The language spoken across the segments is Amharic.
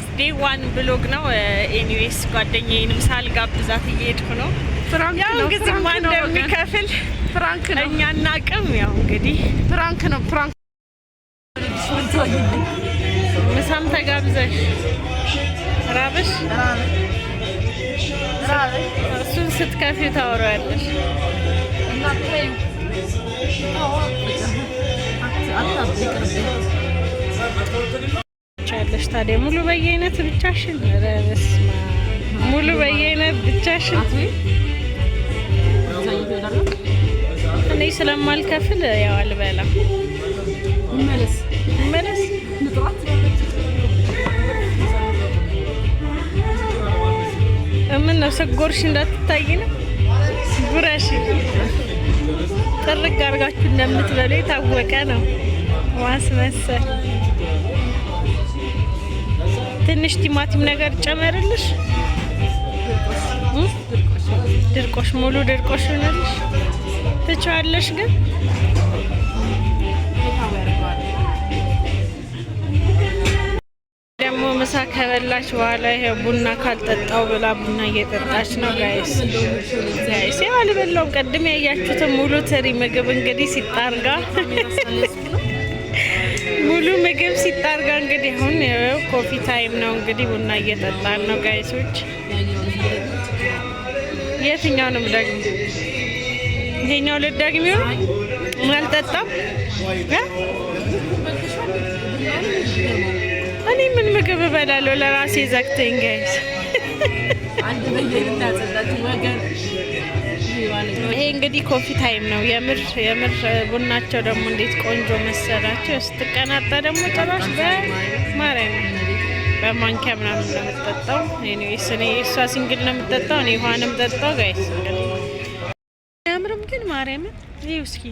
አዲስ ዴይ ዋን ብሎግ ነው። ኤኒዌይስ ጓደኛዬንም ሳልጋብዛት እየሄድኩ ነው። ፍራንክ ያው እንግዲህ ማን እንደሚከፍል ፍራንክ ነው፣ እኛ እናቅም። ያው እንግዲህ ፍራንክ ነው። ፍራንክ ምሳም ተጋብዘሽ ራበሽ፣ እሱን ስትከፊው ታወሪያለሽ። ያለች ታዲያ? ሙሉ በየአይነት ብቻሽን፣ ኧረ በስመ አብ ሙሉ በየአይነት ብቻሽን። እኔ ስለማልከፍል ያው አልበላም። መለስ ነው ስጎርሽ እንዳትታይ ነው። ጉረሽ ጥርቅ አድርጋችሁ እንደምትበሉ የታወቀ ነው ማስመሰል ትንሽ ቲማቲም ነገር ጨመርልሽ። ድርቆሽ ሙሉ ድርቆሽ ሆነልሽ። ትችዋለሽ ግን ደግሞ ምሳ ከበላች በኋላ ይሄ ቡና ካልጠጣው ብላ ቡና እየጠጣች ነው። ጋይስ ጋይስ ያው አልበላውም። ቅድም ያያችሁትን ሙሉ ትሪ ምግብ እንግዲህ ሲጣርጋ እንግዲህ አሁን ኮፊ ታይም ነው። እንግዲህ ቡና እየጠጣን ነው ጋይሶች። የትኛውንም ደግሞ ይሄኛው ልደግሚው አልጠጣም። እኔ ምን ምግብ እበላለሁ? ለራሴ ዘግተኝ ጋይስ ይሄ እንግዲህ ኮፊ ታይም ነው። የምር የምር ቡናቸው ደግሞ እንዴት ቆንጆ መሰላቸው። ስትቀናጣ ደግሞ ጭራሽ በማርያም በማንኪያ ምናምን ነው የምጠጣው። እኔ እሷ ሲንግል ነው የምጠጣው፣ እኔ ውሃንም ጠጣው። ጋይስ አያምርም ግን ማርያምን ይኸው እስኪ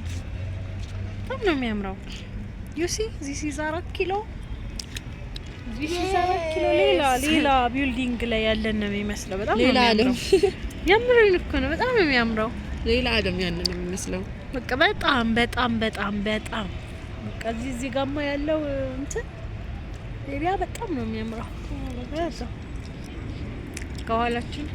በጣም ነው የሚያምረው። ዩሲ ዚስ ኢዝ አራት ኪሎ ዚስ ኢዝ አራት ኪሎ ሌላ ሌላ ቢልዲንግ ላይ ያለን ነው የሚመስለው። በጣም ነው የሚያምረው። ያምረው ልክ ነው። በጣም የሚያምረው። ሌላ አለም ያንን ነው የሚመስለው። በቃ በጣም በጣም በጣም በጣም በቃ እዚህ እዚህ ጋማ ያለው እንትን ሌላ በጣም ነው የሚያምረው። ከኋላችን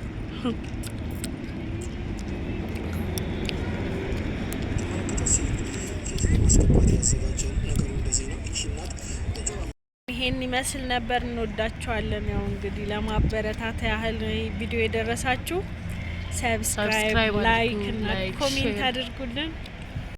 ይሄን ይመስል ነበር። እንወዳችኋለን። ያው እንግዲህ ለማበረታታ ያህል ቪዲዮ የደረሳችሁ ሰብስክራይብ፣ ላይክ እና ኮሜንት አድርጉልን።